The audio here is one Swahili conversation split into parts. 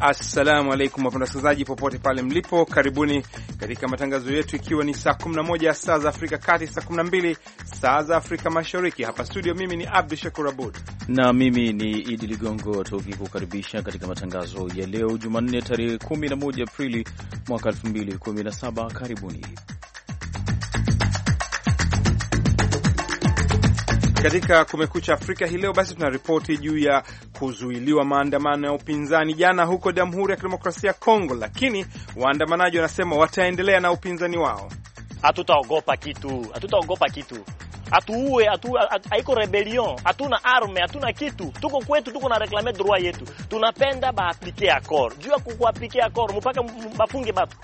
Assalamu alaikum wapenda wasikilizaji popote pale mlipo, karibuni katika matangazo yetu, ikiwa ni saa 11 saa za Afrika Kati, saa 12 saa za Afrika Mashariki. Hapa studio, mimi ni Abdu Shakur Abud na mimi ni Idi Ligongo, tukikukaribisha katika matangazo ya leo Jumanne tarehe 11 Aprili mwaka 2017. Karibuni Katika Kumekucha Afrika hii leo basi, tuna ripoti juu ya kuzuiliwa maandamano ya upinzani jana huko Jamhuri ya Kidemokrasia ya Kongo, lakini waandamanaji wanasema wataendelea na upinzani wao. Hatutaogopa kitu, hatutaogopa kitu, hatuue, haiko rebelion, hatuna arme, hatuna kitu, tuko kwetu, tuko na reklame droit yetu, tunapenda baaplike akor juu ya kuaplike akor mpaka bafunge batu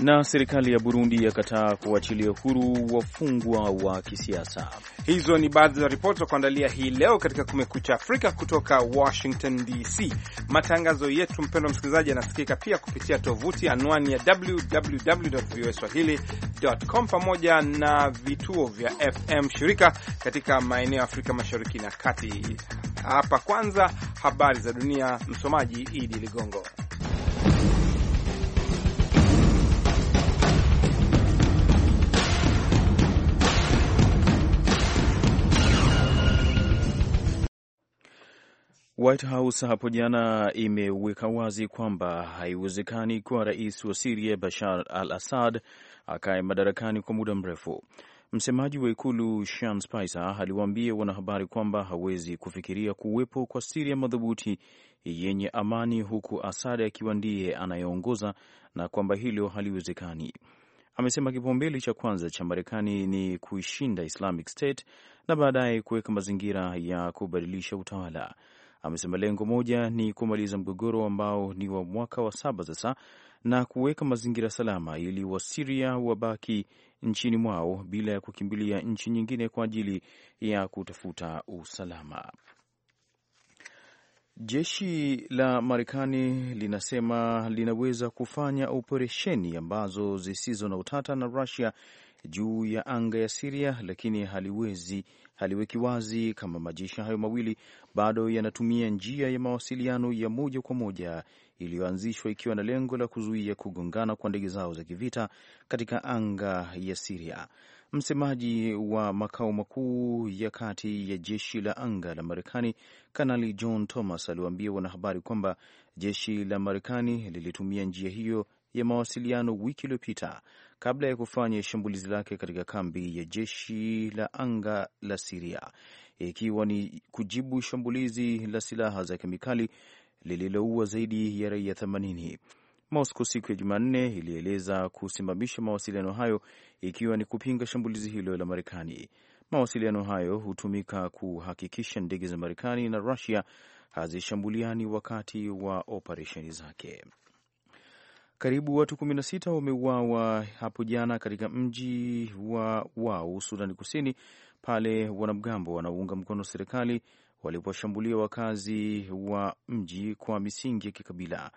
na serikali ya Burundi yakataa kuachilia huru wafungwa wa kisiasa. Hizo ni baadhi za ripoti za kuandalia hii leo katika Kumekucha Afrika kutoka Washington DC. Matangazo yetu, mpendwa msikilizaji, yanasikika pia kupitia tovuti anwani ya www voa swahili.com pamoja na vituo vya FM shirika katika maeneo ya Afrika mashariki na kati. Hapa kwanza habari za dunia, msomaji Idi Ligongo. White House hapo jana imeweka wazi kwamba haiwezekani kwa rais wa Siria Bashar al Assad akae madarakani kwa muda mrefu. Msemaji wa ikulu Sean Spicer aliwaambia wanahabari kwamba hawezi kufikiria kuwepo kwa Siria madhubuti yenye amani huku Asad akiwa ndiye anayeongoza na kwamba hilo haliwezekani. Amesema kipaumbele cha kwanza cha Marekani ni kuishinda Islamic State na baadaye kuweka mazingira ya kubadilisha utawala amesema lengo moja ni kumaliza mgogoro ambao ni wa mwaka wa saba sasa na kuweka mazingira salama ili Wasiria wabaki nchini mwao bila ya kukimbilia nchi nyingine kwa ajili ya kutafuta usalama. Jeshi la Marekani linasema linaweza kufanya operesheni ambazo zisizo na utata na Rusia juu ya anga ya Siria, lakini haliwezi haliweki wazi kama majeshi hayo mawili bado yanatumia njia ya mawasiliano ya moja kwa moja iliyoanzishwa ikiwa na lengo la kuzuia kugongana kwa ndege zao za kivita katika anga ya Siria. Msemaji wa makao makuu ya kati ya jeshi la anga la Marekani, Kanali John Thomas, aliwaambia wanahabari kwamba jeshi la Marekani lilitumia njia hiyo ya mawasiliano wiki iliyopita kabla ya kufanya shambulizi lake katika kambi ya jeshi la anga la Siria, ikiwa ni kujibu shambulizi la silaha za kemikali lililoua zaidi ya raia 80. Moscow siku ya Jumanne ilieleza kusimamisha mawasiliano hayo ikiwa ni kupinga shambulizi hilo la Marekani. Mawasiliano hayo hutumika kuhakikisha ndege za Marekani na Rusia hazishambuliani wakati wa operesheni zake. Karibu watu 16 wameuawa hapo jana katika mji wa Wau, Sudani Kusini, pale wanamgambo wanaounga mkono serikali walipowashambulia wakazi wa mji kwa misingi ya kikabila.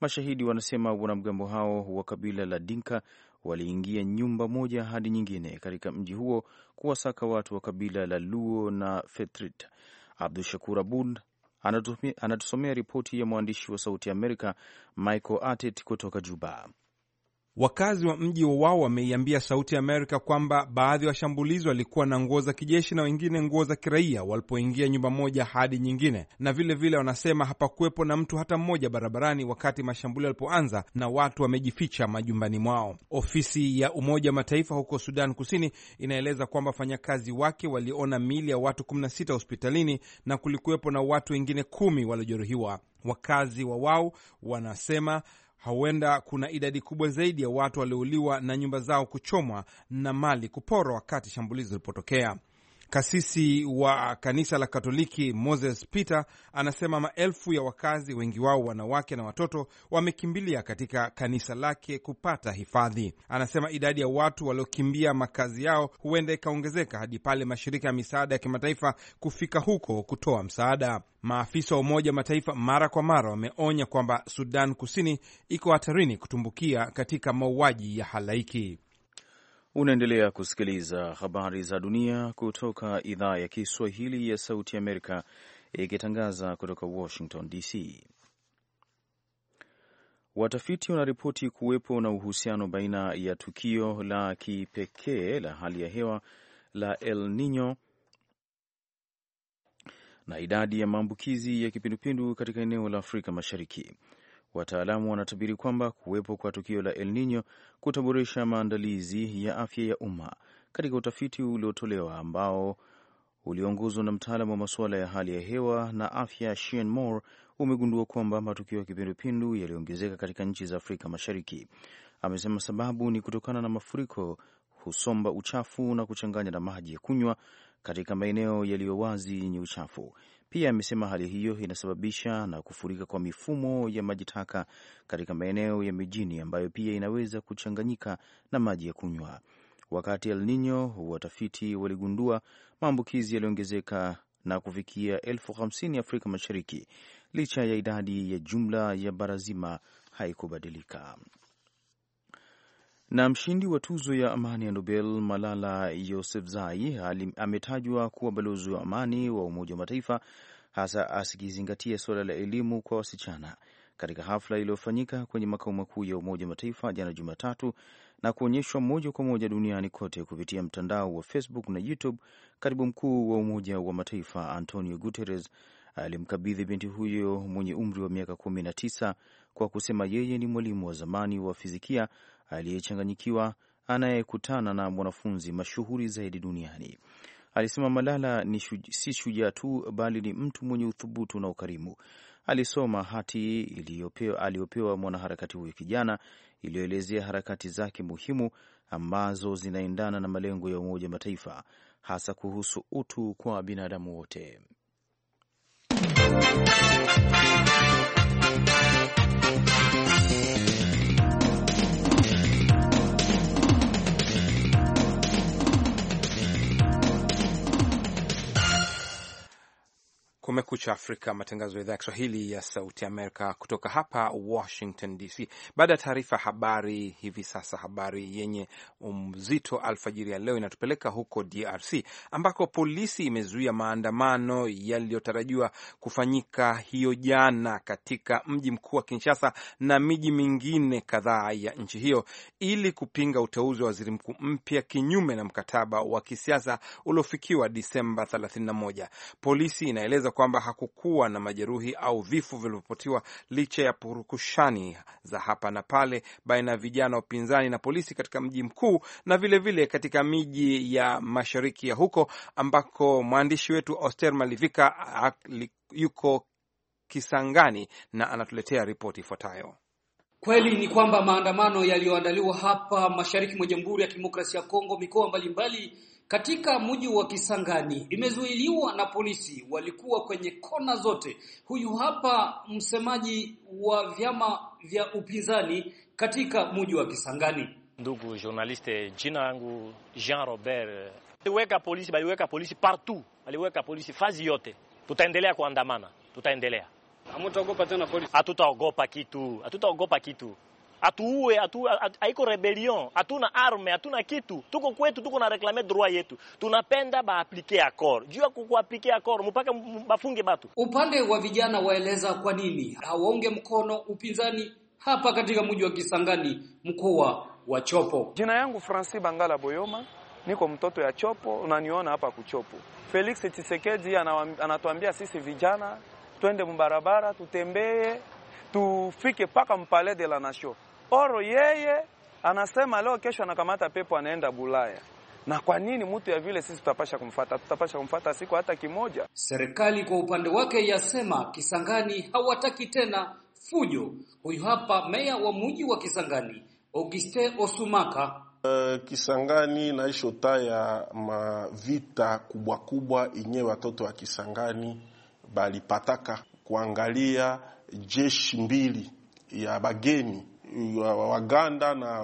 Mashahidi wanasema wanamgambo hao wa kabila la Dinka waliingia nyumba moja hadi nyingine katika mji huo kuwasaka watu wa kabila la Luo na Fetrit. Abdu Shakur Abud Anatusomea ripoti ya mwandishi wa Sauti ya Amerika Michael Atet kutoka Juba. Wakazi wa mji wa wao wameiambia Sauti ya Amerika kwamba baadhi ya washambulizi walikuwa na nguo za kijeshi na wengine nguo za kiraia walipoingia nyumba moja hadi nyingine, na vilevile vile wanasema hapakuwepo na mtu hata mmoja barabarani wakati mashambulio yalipoanza, na watu wamejificha majumbani mwao. Ofisi ya Umoja wa Mataifa huko Sudan Kusini inaeleza kwamba wafanyakazi wake waliona miili ya watu 16 hospitalini na kulikuwepo na watu wengine kumi waliojeruhiwa. Wakazi wa Wau wanasema Huenda kuna idadi kubwa zaidi ya watu waliouliwa na nyumba zao kuchomwa na mali kuporwa wakati shambulizi lilipotokea. Kasisi wa kanisa la Katoliki Moses Peter anasema maelfu ya wakazi, wengi wao wanawake na watoto, wamekimbilia katika kanisa lake kupata hifadhi. Anasema idadi ya watu waliokimbia makazi yao huenda ikaongezeka hadi pale mashirika ya misaada ya kimataifa kufika huko kutoa msaada. Maafisa wa Umoja Mataifa mara kwa mara wameonya kwamba Sudan Kusini iko hatarini kutumbukia katika mauaji ya halaiki. Unaendelea kusikiliza habari za dunia kutoka idhaa ya Kiswahili ya Sauti Amerika ikitangaza kutoka Washington DC. Watafiti wanaripoti kuwepo na uhusiano baina ya tukio la kipekee la hali ya hewa la El Nino na idadi ya maambukizi ya kipindupindu katika eneo la Afrika Mashariki. Wataalamu wanatabiri kwamba kuwepo kwa tukio la El Nino kutaboresha maandalizi ya afya ya umma. Katika utafiti uliotolewa ambao uliongozwa na mtaalamu wa masuala ya hali ya hewa na afya Shane Moore, umegundua kwamba matukio ya kipindupindu yaliongezeka katika nchi za Afrika Mashariki. Amesema sababu ni kutokana na mafuriko husomba uchafu na kuchanganya na maji ya kunywa katika maeneo yaliyo wazi yenye uchafu. Pia amesema hali hiyo inasababisha na kufurika kwa mifumo ya maji taka katika maeneo ya mijini ambayo pia inaweza kuchanganyika na maji ya kunywa. Wakati El Nino, watafiti waligundua maambukizi yaliyoongezeka na kufikia elfu hamsini Afrika Mashariki, licha ya idadi ya jumla ya bara zima haikubadilika. Na mshindi wa tuzo ya amani ya Nobel Malala Yousafzai ametajwa kuwa balozi wa amani wa Umoja wa Mataifa, hasa asikizingatia suala la elimu kwa wasichana katika hafla iliyofanyika kwenye makao makuu ya Umoja wa Mataifa jana Jumatatu na kuonyeshwa moja kwa moja duniani kote kupitia mtandao wa Facebook na YouTube. Katibu mkuu wa Umoja wa Mataifa Antonio Guterres alimkabidhi binti huyo mwenye umri wa miaka kumi na tisa kwa kusema yeye ni mwalimu wa zamani wa fizikia aliyechanganyikiwa anayekutana na mwanafunzi mashuhuri zaidi duniani. Alisema Malala ni shuj, si shujaa tu bali ni mtu mwenye uthubutu na ukarimu. Alisoma hati iliyopewa, aliyopewa mwanaharakati huyo kijana iliyoelezea harakati zake muhimu ambazo zinaendana na malengo ya Umoja wa Mataifa hasa kuhusu utu kwa binadamu wote. Kumekucha Afrika, matangazo ya idhaa ya Kiswahili ya Sauti Amerika kutoka hapa Washington DC. Baada ya taarifa habari, hivi sasa habari yenye mzito alfajiri ya leo inatupeleka huko DRC ambako polisi imezuia maandamano yaliyotarajiwa kufanyika hiyo jana katika mji mkuu wa Kinshasa na miji mingine kadhaa ya nchi hiyo ili kupinga uteuzi wa waziri mkuu mpya kinyume na mkataba wa kisiasa uliofikiwa Disemba 31. Polisi inaeleza kwamba hakukuwa na majeruhi au vifo vilivyopotiwa licha ya purukushani za hapa na pale baina ya vijana wa upinzani na polisi katika mji mkuu na vilevile vile katika miji ya mashariki ya huko ambako mwandishi wetu Oster Malivika yuko Kisangani na anatuletea ripoti ifuatayo. Kweli ni kwamba maandamano yaliyoandaliwa hapa mashariki mwa Jamhuri ya Kidemokrasia ya Kongo, mikoa mbalimbali katika mji wa Kisangani imezuiliwa na polisi, walikuwa kwenye kona zote. Huyu hapa msemaji wa vyama vya upinzani katika mji wa Kisangani. Ndugu journaliste, jina langu Jean Robert. Aliweka polisi, baliweka polisi partout, aliweka polisi fazi yote. Tutaendelea kuandamana, tutaendelea. Hamtaogopa tena polisi? Hatutaogopa kitu, hatutaogopa kitu atuue atu, atu, haiko rebellion, hatuna arme, hatuna kitu, tuko kwetu, tuko na reklame droit yetu, tunapenda baaplike accord juu ya kuaplike accord mpaka bafunge batu. Upande wa vijana waeleza kwa nini hawaunge mkono upinzani hapa katika mji wa Kisangani, mkoa wa Chopo. Jina yangu Francis Bangala Boyoma, niko mtoto ya Chopo, unaniona hapa kuchopo. Felix Tshisekedi anatuambia sisi vijana twende mbarabara, tutembee tufike mpaka mpale de la nation oro yeye anasema leo kesho anakamata pepo anaenda Bulaya. Na kwa nini mtu ya vile sisi tutapasha kumfata? Tutapasha kumfata siku hata kimoja. Serikali kwa upande wake yasema Kisangani hawataki tena fujo. Huyu hapa meya wa mji wa Kisangani Auguste Osumaka. Uh, Kisangani na ya mavita kubwa kubwa inyewe watoto wa Kisangani balipataka kuangalia jeshi mbili ya bageni Waganda na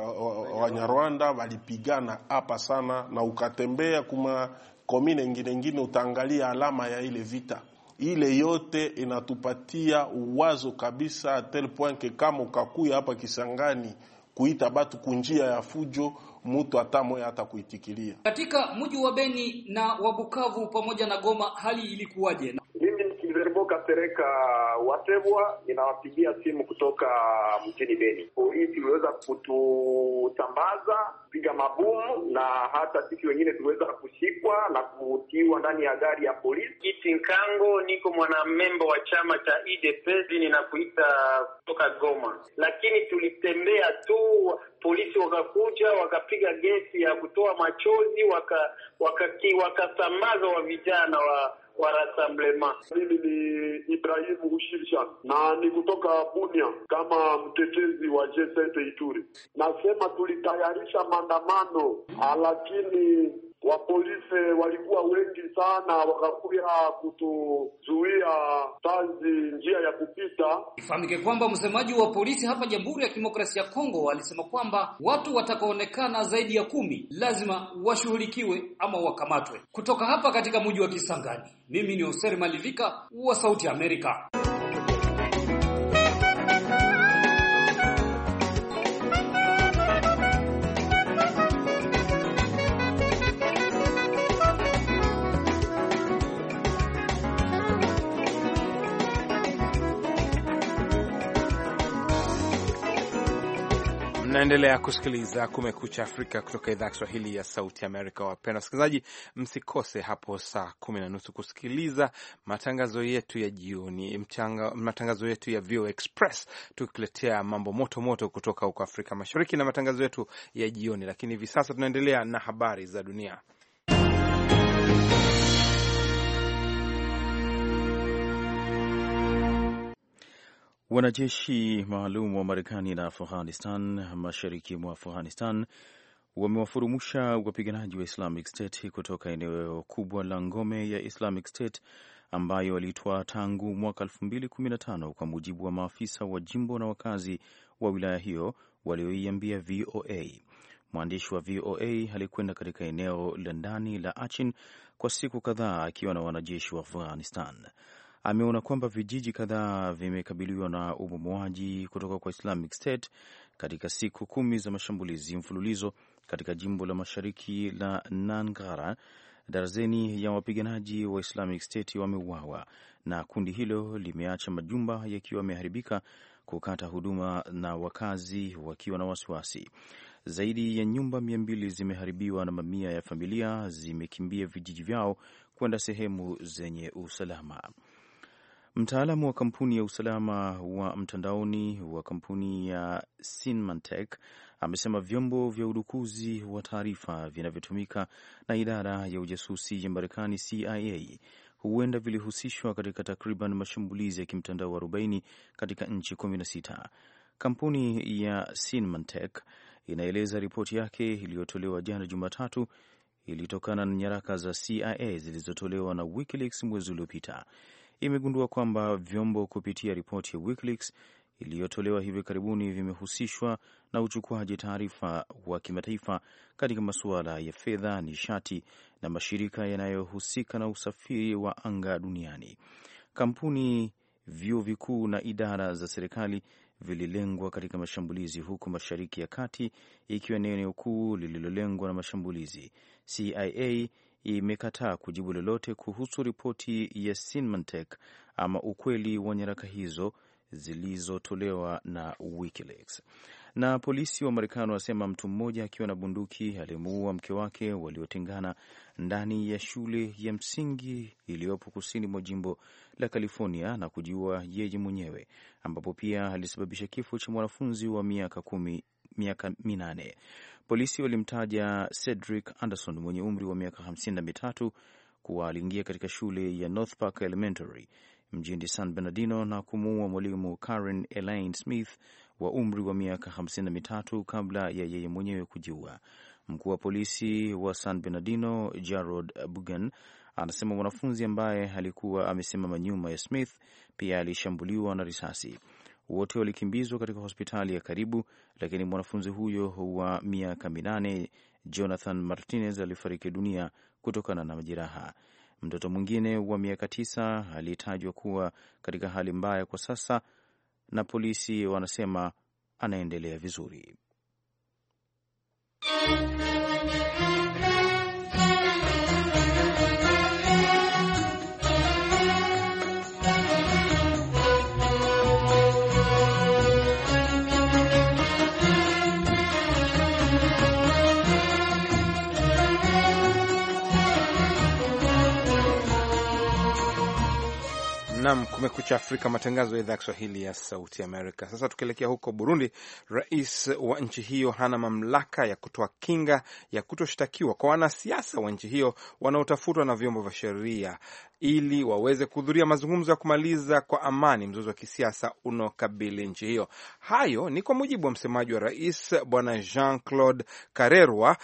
Wanyarwanda walipigana hapa sana, na ukatembea kuma komine ngine ngine, utaangalia alama ya ile vita ile yote inatupatia uwazo kabisa tel point ke kama ukakuya hapa Kisangani kuita batu kunjia ya fujo, mutu hata moya hata kuitikilia. Katika mji wa Beni na wa Bukavu pamoja na Goma, hali ilikuwaje? tereka Watevwa, ninawapigia simu kutoka mjini Beni. Hii tuliweza kutusambaza piga mabomu, na hata sisi wengine tuliweza kushikwa na kutiwa ndani ya gari ya polisi. kiti nkango niko mwanamembo wa chama cha UDPS, ninakuita kutoka Goma, lakini tulitembea tu polisi wakakuja wakapiga gesi ya kutoa machozi wakasambaza waka, waka wa vijana wa kwa Rassemblement. Mimi ni Ibrahimu Ushirsha na ni kutoka Bunia kama mtetezi wa G7 Ituri. Nasema tulitayarisha maandamano lakini wa polisi walikuwa wengi sana, wakakuja kutuzuia tanzi njia ya kupita. Ifahamike kwamba msemaji wa polisi hapa Jamhuri ya Kidemokrasia ya Kongo alisema kwamba watu watakaonekana zaidi ya kumi lazima washughulikiwe ama wakamatwe. Kutoka hapa katika mji wa Kisangani, mimi ni Hoser Malivika wa Sauti Amerika. Unaendelea kusikiliza Kumekucha Afrika kutoka idhaa ya Kiswahili ya Sauti Amerika. Wapenda wasikilizaji, msikose hapo saa kumi na nusu kusikiliza matangazo yetu ya jioni mchanga, matangazo yetu ya VOA Express tukiletea mambo moto moto kutoka huko Afrika Mashariki na matangazo yetu ya jioni. Lakini hivi sasa tunaendelea na habari za dunia. Wanajeshi maalum wa Marekani na Afghanistan mashariki mwa Afghanistan wamewafurumusha wapiganaji wa Islamic State kutoka eneo kubwa la ngome ya Islamic State ambayo waliitwaa tangu mwaka 2015 kwa mujibu wa maafisa wa jimbo na wakazi wa wilaya hiyo walioiambia VOA. Mwandishi wa VOA alikwenda katika eneo la ndani la Achin kwa siku kadhaa akiwa na wanajeshi wa Afghanistan ameona kwamba vijiji kadhaa vimekabiliwa na ubomoaji kutoka kwa Islamic State katika siku kumi za mashambulizi mfululizo katika jimbo la mashariki la Nangara. Darzeni ya wapiganaji wa Islamic State wameuawa na kundi hilo limeacha majumba yakiwa yameharibika, kukata huduma na wakazi wakiwa na wasiwasi. Zaidi ya nyumba mia mbili zimeharibiwa na mamia ya familia zimekimbia vijiji vyao kwenda sehemu zenye usalama. Mtaalamu wa kampuni ya usalama wa mtandaoni wa kampuni ya Symantec amesema vyombo vya udukuzi wa taarifa vinavyotumika na idara ya ujasusi ya Marekani CIA huenda vilihusishwa katika takriban mashambulizi ya kimtandao 40 katika nchi 16. Kampuni ya Symantec inaeleza ripoti yake iliyotolewa jana Jumatatu ilitokana na nyaraka za CIA zilizotolewa na WikiLeaks mwezi uliopita imegundua kwamba vyombo kupitia ripoti ya WikiLeaks iliyotolewa hivi karibuni vimehusishwa na uchukuaji taarifa wa kimataifa katika masuala ya fedha, nishati na mashirika yanayohusika na usafiri wa anga duniani. Kampuni, vyuo vikuu na idara za serikali vililengwa katika mashambulizi huko Mashariki ya Kati, ikiwa ni eneo kuu lililolengwa na mashambulizi. CIA imekataa kujibu lolote kuhusu ripoti ya Symantec ama ukweli wa nyaraka hizo zilizotolewa na WikiLeaks. Na polisi wa Marekani wanasema mtu mmoja akiwa na bunduki alimuua mke wake waliotengana ndani ya shule ya msingi iliyopo kusini mwa jimbo la California na kujiua yeye mwenyewe, ambapo pia alisababisha kifo cha mwanafunzi wa miaka kumi miaka minane. Polisi walimtaja Cedric Anderson mwenye umri wa miaka hamsini na mitatu kuwa aliingia katika shule ya North Park Elementary mjini San Bernardino na kumuua mwalimu Karen Elaine Smith wa umri wa miaka hamsini na mitatu kabla ya yeye mwenyewe kujiua. Mkuu wa polisi wa San Bernardino Jarod Bugan anasema mwanafunzi ambaye alikuwa amesimama nyuma ya Smith pia alishambuliwa na risasi. Wote walikimbizwa katika hospitali ya karibu, lakini mwanafunzi huyo wa miaka minane Jonathan Martinez alifariki dunia kutokana na majeraha. Mtoto mwingine wa miaka tisa aliyetajwa kuwa katika hali mbaya kwa sasa, na polisi wanasema anaendelea vizuri. Nam kumekucha Afrika, matangazo ya idhaa ya Kiswahili ya Sauti Amerika. Sasa tukielekea huko Burundi, rais wa nchi hiyo hana mamlaka ya kutoa kinga ya kutoshtakiwa kwa wanasiasa wa nchi hiyo wanaotafutwa na vyombo vya sheria ili waweze kuhudhuria mazungumzo ya kumaliza kwa amani mzozo wa kisiasa unaokabili nchi hiyo. Hayo ni kwa mujibu wa msemaji wa rais Bwana Jean Claude Karerwa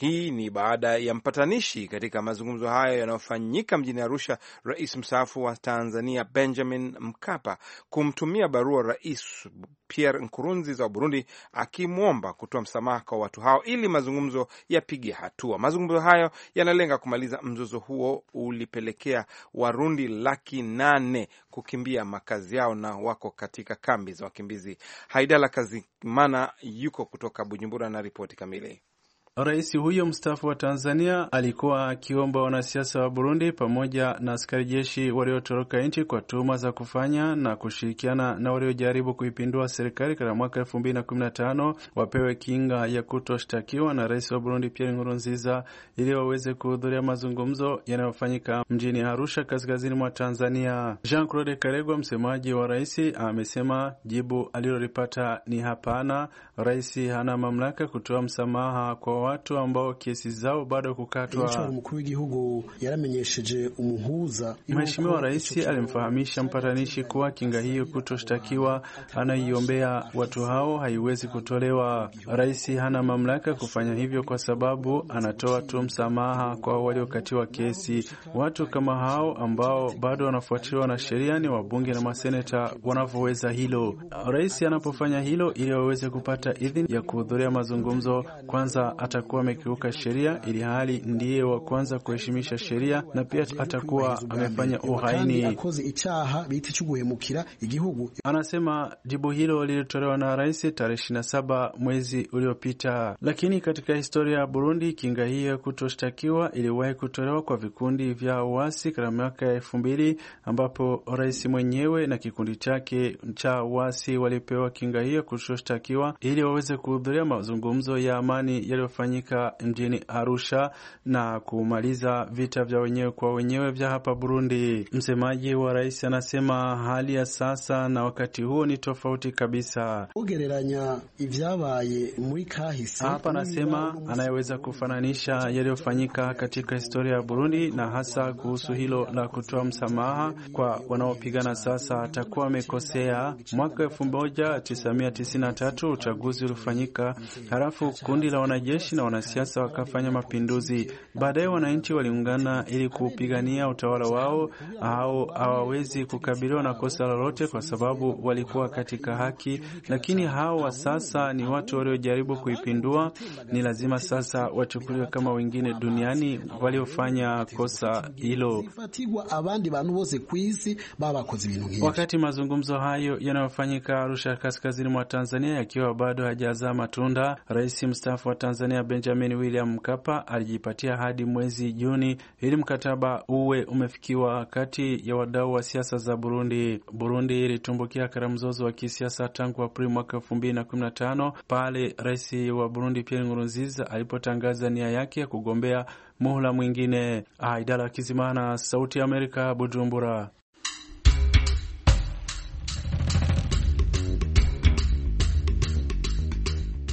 hii ni baada ya mpatanishi katika mazungumzo hayo yanayofanyika mjini Arusha, rais mstaafu wa Tanzania Benjamin Mkapa kumtumia barua Rais Pierre Nkurunziza wa Burundi akimwomba kutoa msamaha kwa watu hao ili mazungumzo yapige hatua. Mazungumzo hayo yanalenga kumaliza mzozo huo ulipelekea Warundi laki nane kukimbia makazi yao na wako katika kambi za wakimbizi. Haidala Kazimana yuko kutoka Bujumbura na ripoti kamili. Rais huyo mstaafu wa Tanzania alikuwa akiomba wanasiasa wa Burundi pamoja na askari jeshi waliotoroka nchi kwa tuhuma za kufanya na kushirikiana na waliojaribu kuipindua serikali katika mwaka elfu mbili na na kumi tano wapewe kinga ya kutoshtakiwa na rais wa Burundi Pierre Nkurunziza ili waweze kuhudhuria mazungumzo yanayofanyika mjini Arusha, kaskazini mwa Tanzania. Jean Claude Karegwa, msemaji wa rais, amesema jibu alilolipata ni hapana, rais hana mamlaka kutoa msamaha kwa watu ambao kesi zao bado kukatwa. Mheshimiwa Rais alimfahamisha mpatanishi kuwa kinga hiyo kutoshtakiwa anaiombea watu hao haiwezi kutolewa. Rais hana mamlaka kufanya hivyo kwa sababu anatoa tu msamaha kwa waliokatiwa kesi. Watu kama hao ambao bado wanafuatiliwa na sheria ni wabunge na maseneta wanavyoweza hilo. Rais anapofanya hilo, ili waweze kupata idhini ya kuhudhuria mazungumzo, kwanza atakuwa amekiuka sheria, ili hali ndiye wa kwanza kuheshimisha sheria, na pia atakuwa amefanya uhaini. Anasema jibu hilo lilitolewa na rais tarehe 27 mwezi uliopita. Lakini katika historia ya Burundi, kinga hii ya kutoshtakiwa iliwahi kutolewa kwa vikundi vya uasi katika miaka ya elfu mbili ambapo rais mwenyewe na kikundi chake cha uasi walipewa kinga hiyo kutoshtakiwa ili waweze kuhudhuria mazungumzo ya amani yaliyo yaliyofanyika mjini Arusha na kumaliza vita vya wenyewe kwa wenyewe vya hapa Burundi. Msemaji wa rais anasema hali ya sasa na wakati huo ni tofauti kabisa. ugereranya ivyabaye muri kahise hapa, anasema anayeweza kufananisha yaliyofanyika katika historia ya Burundi na hasa kuhusu hilo la kutoa msamaha kwa wanaopigana sasa atakuwa amekosea. Mwaka 1993 uchaguzi ulifanyika, halafu kundi la wanajeshi wanajeshi na wanasiasa wakafanya mapinduzi. Baadaye wananchi waliungana ili kupigania utawala wao, au hawawezi kukabiliwa na kosa lolote kwa sababu walikuwa katika haki, lakini hawa sasa ni watu waliojaribu kuipindua. Ni lazima sasa wachukuliwe kama wengine duniani waliofanya kosa hilo. Wakati mazungumzo hayo yanayofanyika Arusha, kaskazini mwa Tanzania, yakiwa bado hajazaa matunda, rais mstaafu wa Tanzania ya Benjamin William Mkapa alijipatia hadi mwezi Juni ili mkataba uwe umefikiwa kati ya wadau wa siasa za Burundi. Burundi ilitumbukia katika mzozo wa kisiasa tangu Aprili mwaka kumi na tano pale rais wa Burundi Pierre Nkurunziza alipotangaza nia yake ya kugombea muhula mwingine. Aidala ah, Kizimana, Sauti ya Amerika, Bujumbura.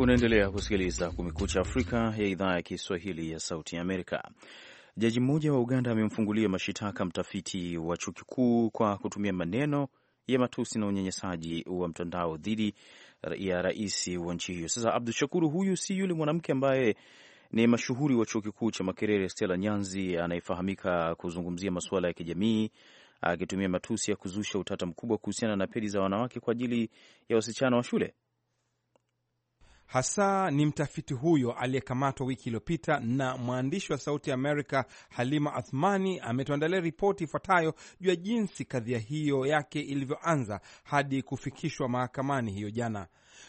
Unaendelea kusikiliza Kumekucha Afrika ya idhaa ya Kiswahili ya Sauti ya Amerika. Jaji mmoja wa Uganda amemfungulia mashitaka mtafiti wa chuo kikuu kwa kutumia maneno ya matusi na unyanyasaji wa mtandao dhidi ya rais wa nchi hiyo. Sasa Abdu Shakuru, huyu si yule mwanamke ambaye ni mashuhuri wa chuo kikuu cha Makerere, Stella Nyanzi, anayefahamika kuzungumzia masuala ya kijamii akitumia matusi ya kuzusha utata mkubwa kuhusiana na pedi za wanawake kwa ajili ya wasichana wa shule. Hasa ni mtafiti huyo aliyekamatwa wiki iliyopita. Na mwandishi wa Sauti ya Amerika Halima Athmani ametuandalia ripoti ifuatayo juu ya jinsi kadhia hiyo yake ilivyoanza hadi kufikishwa mahakamani hiyo jana.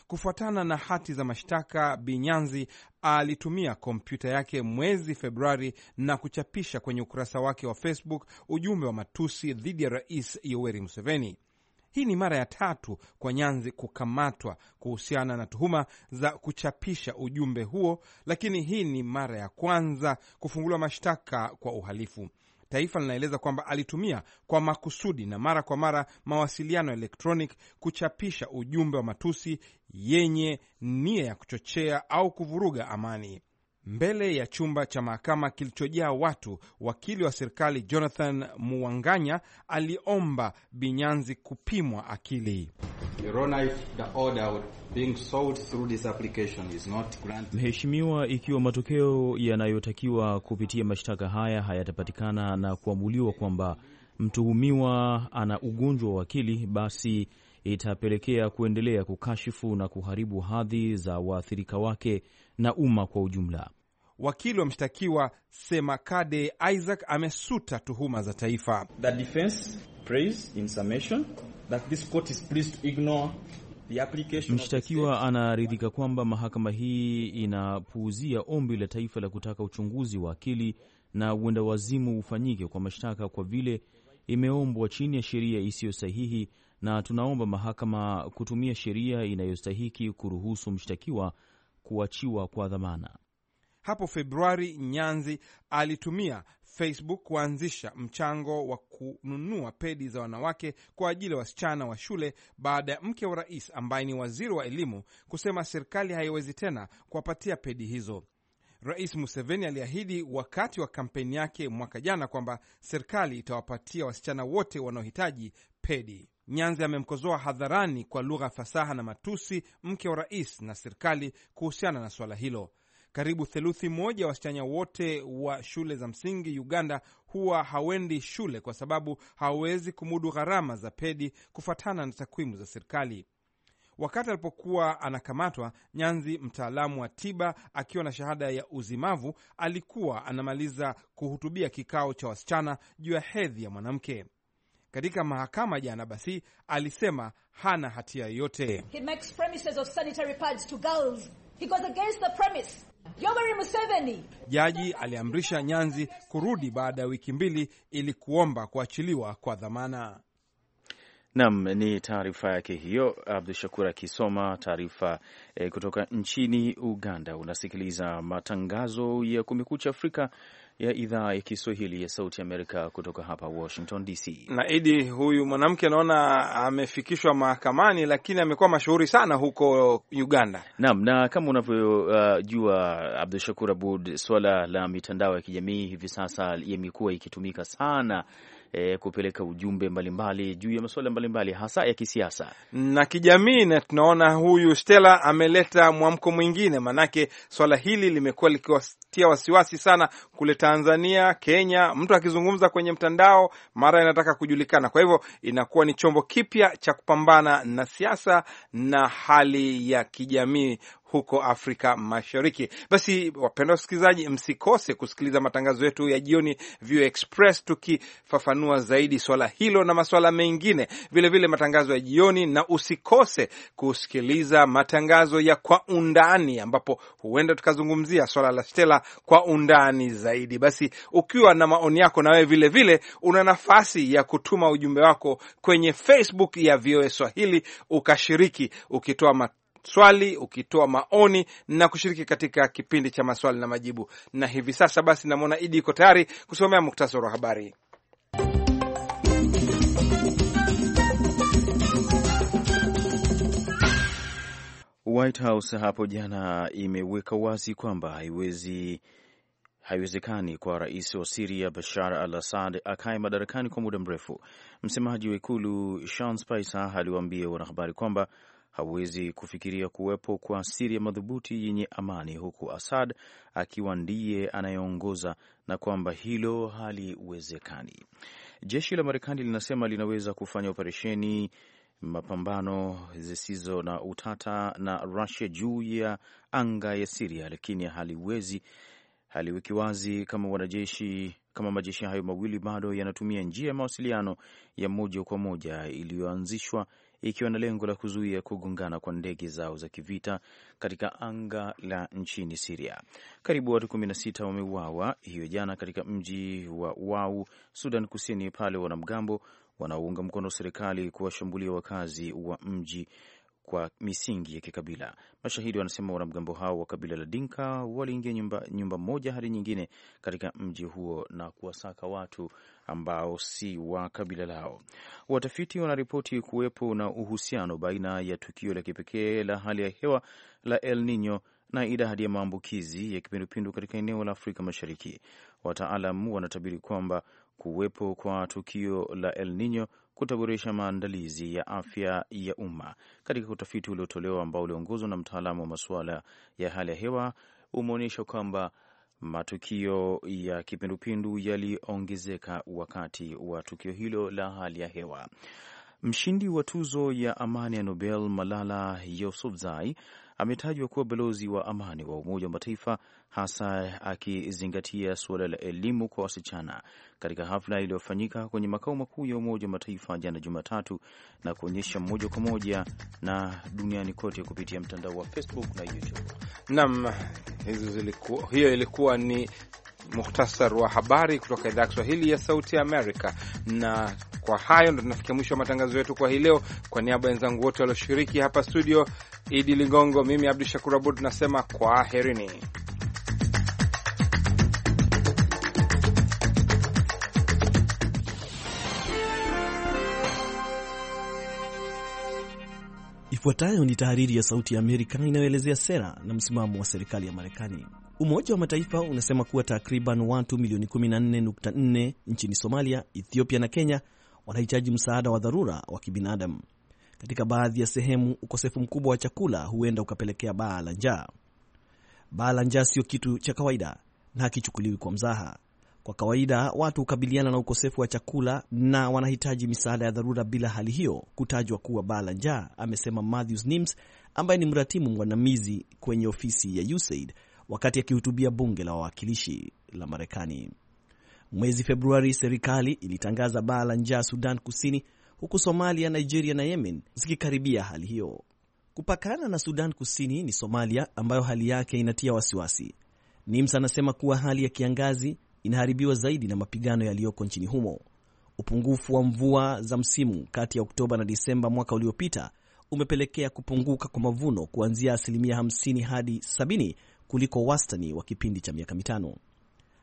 Kufuatana na hati za mashtaka, Binyanzi alitumia kompyuta yake mwezi Februari na kuchapisha kwenye ukurasa wake wa Facebook ujumbe wa matusi dhidi ya Rais Yoweri Museveni. Hii ni mara ya tatu kwa Nyanzi kukamatwa kuhusiana na tuhuma za kuchapisha ujumbe huo, lakini hii ni mara ya kwanza kufunguliwa mashtaka kwa uhalifu. Taifa linaeleza kwamba alitumia kwa makusudi na mara kwa mara mawasiliano ya elektronic kuchapisha ujumbe wa matusi yenye nia ya kuchochea au kuvuruga amani. Mbele ya chumba cha mahakama kilichojaa watu, wakili wa serikali Jonathan Muwanganya aliomba Binyanzi kupimwa akili. Mheshimiwa, ikiwa matokeo yanayotakiwa kupitia mashtaka haya hayatapatikana na kuamuliwa kwamba mtuhumiwa ana ugonjwa wa akili, basi itapelekea kuendelea kukashifu na kuharibu hadhi za waathirika wake na umma kwa ujumla. Wakili wa mshtakiwa Semakade Isaac amesuta tuhuma za taifa. The defense in summation that this court is pleased to ignore Mshtakiwa anaridhika kwamba mahakama hii inapuuzia ombi la taifa la kutaka uchunguzi wa akili na uendawazimu ufanyike kwa mashtaka kwa vile imeombwa chini ya sheria isiyo sahihi na tunaomba mahakama kutumia sheria inayostahiki kuruhusu mshtakiwa kuachiwa kwa dhamana. Hapo Februari, Nyanzi alitumia Facebook kuanzisha mchango wa kununua pedi za wanawake kwa ajili ya wasichana wa shule baada ya mke wa rais ambaye ni waziri wa elimu kusema serikali haiwezi tena kuwapatia pedi hizo. Rais Museveni aliahidi wakati wa kampeni yake mwaka jana kwamba serikali itawapatia wasichana wote wanaohitaji pedi. Nyanzi amemkozoa hadharani kwa lugha fasaha na matusi mke wa rais na serikali kuhusiana na suala hilo. Karibu theluthi moja wasichana wote wa shule za msingi Uganda huwa hawendi shule kwa sababu hawawezi kumudu gharama za pedi, kufuatana na takwimu za serikali. Wakati alipokuwa anakamatwa, Nyanzi, mtaalamu wa tiba akiwa na shahada ya uzimavu, alikuwa anamaliza kuhutubia kikao cha wasichana juu ya hedhi ya mwanamke katika mahakama jana, basi alisema hana hatia yoyote. Jaji aliamrisha Nyanzi kurudi baada ya wiki mbili ili kuomba kuachiliwa kwa dhamana. Nam, ni taarifa yake hiyo, Abdu Shakur akisoma taarifa e, kutoka nchini Uganda. Unasikiliza matangazo ya Kumekucha Afrika ya idhaa ya Kiswahili ya Sauti Amerika kutoka hapa Washington DC. Na Idi, huyu mwanamke anaona amefikishwa mahakamani, lakini amekuwa mashuhuri sana huko Uganda. Naam, na kama unavyojua uh, Abdu Shakur Abud, swala la mitandao ya kijamii hivi sasa yamekuwa ikitumika sana e, kupeleka ujumbe mbalimbali juu ya masuala mbalimbali hasa ya kisiasa na kijamii, na tunaona huyu Stella ameleta mwamko mwingine, maanake swala hili limekuwa likiwa tia wasiwasi sana kule Tanzania, Kenya. Mtu akizungumza kwenye mtandao, mara inataka kujulikana. Kwa hivyo inakuwa ni chombo kipya cha kupambana na siasa na hali ya kijamii huko Afrika Mashariki. Basi wapendwa wasikilizaji, msikose kusikiliza matangazo yetu ya jioni View Express, tukifafanua zaidi swala hilo na maswala mengine vilevile, vile matangazo ya jioni, na usikose kusikiliza matangazo ya kwa undani, ambapo huenda tukazungumzia swala la Stella kwa undani zaidi. Basi ukiwa na maoni yako, na wewe vile vile una nafasi ya kutuma ujumbe wako kwenye Facebook ya VOA Swahili ukashiriki, ukitoa swali ukitoa maoni na kushiriki katika kipindi cha maswali na majibu. Na hivi sasa basi, namwona Idi iko tayari kusomea muktasari wa habari. White House hapo jana imeweka wazi kwamba haiwezi haiwezekani kwa rais wa Siria Bashar al Assad akae madarakani kwa muda mrefu. Msemaji wa ikulu Sean Spicer aliwaambia wanahabari kwamba hawezi kufikiria kuwepo kwa Siria madhubuti yenye amani huku Assad akiwa ndiye anayeongoza na kwamba hilo haliwezekani. Jeshi la Marekani linasema linaweza kufanya operesheni mapambano zisizo na utata na rasia juu ya anga ya Siria, lakini haliwezi haliweki wazi kama wanajeshi kama majeshi hayo mawili bado yanatumia njia ya mawasiliano ya moja kwa moja iliyoanzishwa ikiwa na lengo la kuzuia kugongana kwa ndege zao za kivita katika anga la nchini Siria. Karibu watu 16 wameuawa hiyo jana katika mji wa Wau, Sudan Kusini, pale wanamgambo wanaounga mkono serikali kuwashambulia wakazi wa mji kwa misingi ya kikabila. Mashahidi wanasema wanamgambo hao wa kabila la Dinka waliingia nyumba, nyumba moja hadi nyingine katika mji huo na kuwasaka watu ambao si wa kabila lao. Watafiti wanaripoti kuwepo na uhusiano baina ya tukio la kipekee la hali ya hewa la El Nino na idadi ya maambukizi ya kipindupindu katika eneo la Afrika Mashariki. Wataalam wanatabiri kwamba kuwepo kwa tukio la El Nino kutaboresha maandalizi ya afya ya umma. Katika utafiti uliotolewa ambao uliongozwa na mtaalamu wa masuala ya hali ya hewa umeonyesha kwamba matukio ya kipindupindu yaliongezeka wakati wa tukio hilo la hali ya hewa. Mshindi wa tuzo ya amani ya Nobel Malala Yousafzai ametajwa kuwa balozi wa amani wa Umoja wa Mataifa, hasa akizingatia suala la elimu kwa wasichana katika hafla iliyofanyika kwenye makao makuu ya Umoja wa Mataifa jana Jumatatu, na kuonyesha moja kwa moja na duniani kote kupitia mtandao wa Facebook na YouTube. Naam, hiyo ilikuwa ni muhtasar wa habari kutoka idhaa ya Kiswahili ya Sauti ya Amerika. Na kwa hayo ndo tunafikia mwisho wa matangazo yetu kwa hii leo. Kwa niaba ya wenzangu wote walioshiriki hapa studio, Idi Ligongo, mimi Abdu Shakur Abud nasema kwa herini. Ifuatayo ni tahariri ya Sauti ya Amerika inayoelezea sera na msimamo wa serikali ya Marekani. Umoja wa Mataifa unasema kuwa takriban watu milioni 14.4 nchini Somalia, Ethiopia na Kenya wanahitaji msaada wa dharura wa kibinadamu. Katika baadhi ya sehemu, ukosefu mkubwa wa chakula huenda ukapelekea baa la njaa. Baa la njaa sio kitu cha kawaida na hakichukuliwi kwa mzaha. Kwa kawaida watu hukabiliana na ukosefu wa chakula na wanahitaji misaada ya dharura bila hali hiyo kutajwa kuwa baa la njaa, amesema Matthews Nims ambaye ni mratimu mwandamizi kwenye ofisi ya USAID wakati akihutubia bunge la wawakilishi la Marekani. Mwezi Februari, serikali ilitangaza baa la njaa Sudan Kusini, huku Somalia, Nigeria na Yemen zikikaribia hali hiyo. Kupakana na Sudan Kusini ni Somalia, ambayo hali yake inatia wasiwasi. NIMS anasema kuwa hali ya kiangazi inaharibiwa zaidi na mapigano yaliyoko nchini humo. Upungufu wa mvua za msimu kati ya Oktoba na Disemba mwaka uliopita umepelekea kupunguka kwa mavuno kuanzia asilimia 50 hadi kuliko wastani wa kipindi cha miaka mitano.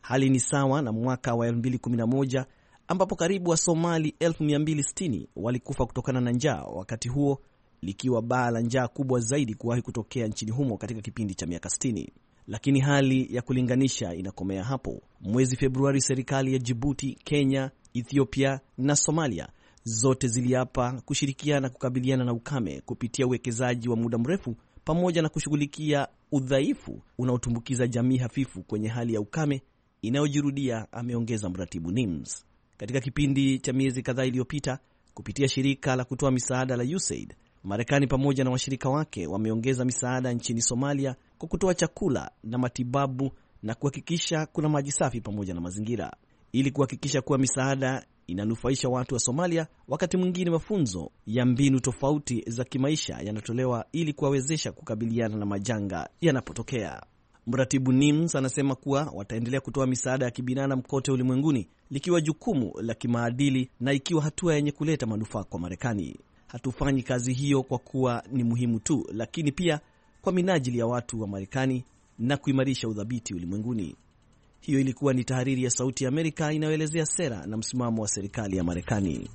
Hali ni sawa na mwaka wa 2011 ambapo karibu Wasomali 260 walikufa kutokana na njaa, wakati huo likiwa baa la njaa kubwa zaidi kuwahi kutokea nchini humo katika kipindi cha miaka 60. Lakini hali ya kulinganisha inakomea hapo. Mwezi Februari, serikali ya Jibuti, Kenya, Ethiopia na Somalia zote ziliapa kushirikiana kukabiliana na ukame kupitia uwekezaji wa muda mrefu pamoja na kushughulikia udhaifu unaotumbukiza jamii hafifu kwenye hali ya ukame inayojirudia, ameongeza mratibu NIMS. Katika kipindi cha miezi kadhaa iliyopita, kupitia shirika la kutoa misaada la USAID, Marekani pamoja na washirika wake wameongeza misaada nchini Somalia kwa kutoa chakula na matibabu na kuhakikisha kuna maji safi pamoja na mazingira. Ili kuhakikisha kuwa misaada inanufaisha watu wa Somalia. Wakati mwingine mafunzo ya mbinu tofauti za kimaisha yanatolewa ili kuwawezesha kukabiliana na majanga yanapotokea. Mratibu NIMS anasema kuwa wataendelea kutoa misaada ya kibinadamu kote ulimwenguni, likiwa jukumu la kimaadili na ikiwa hatua yenye kuleta manufaa kwa Marekani. Hatufanyi kazi hiyo kwa kuwa ni muhimu tu, lakini pia kwa minajili ya watu wa Marekani na kuimarisha udhabiti ulimwenguni. Hiyo ilikuwa ni tahariri ya Sauti ya Amerika inayoelezea sera na msimamo wa serikali ya Marekani.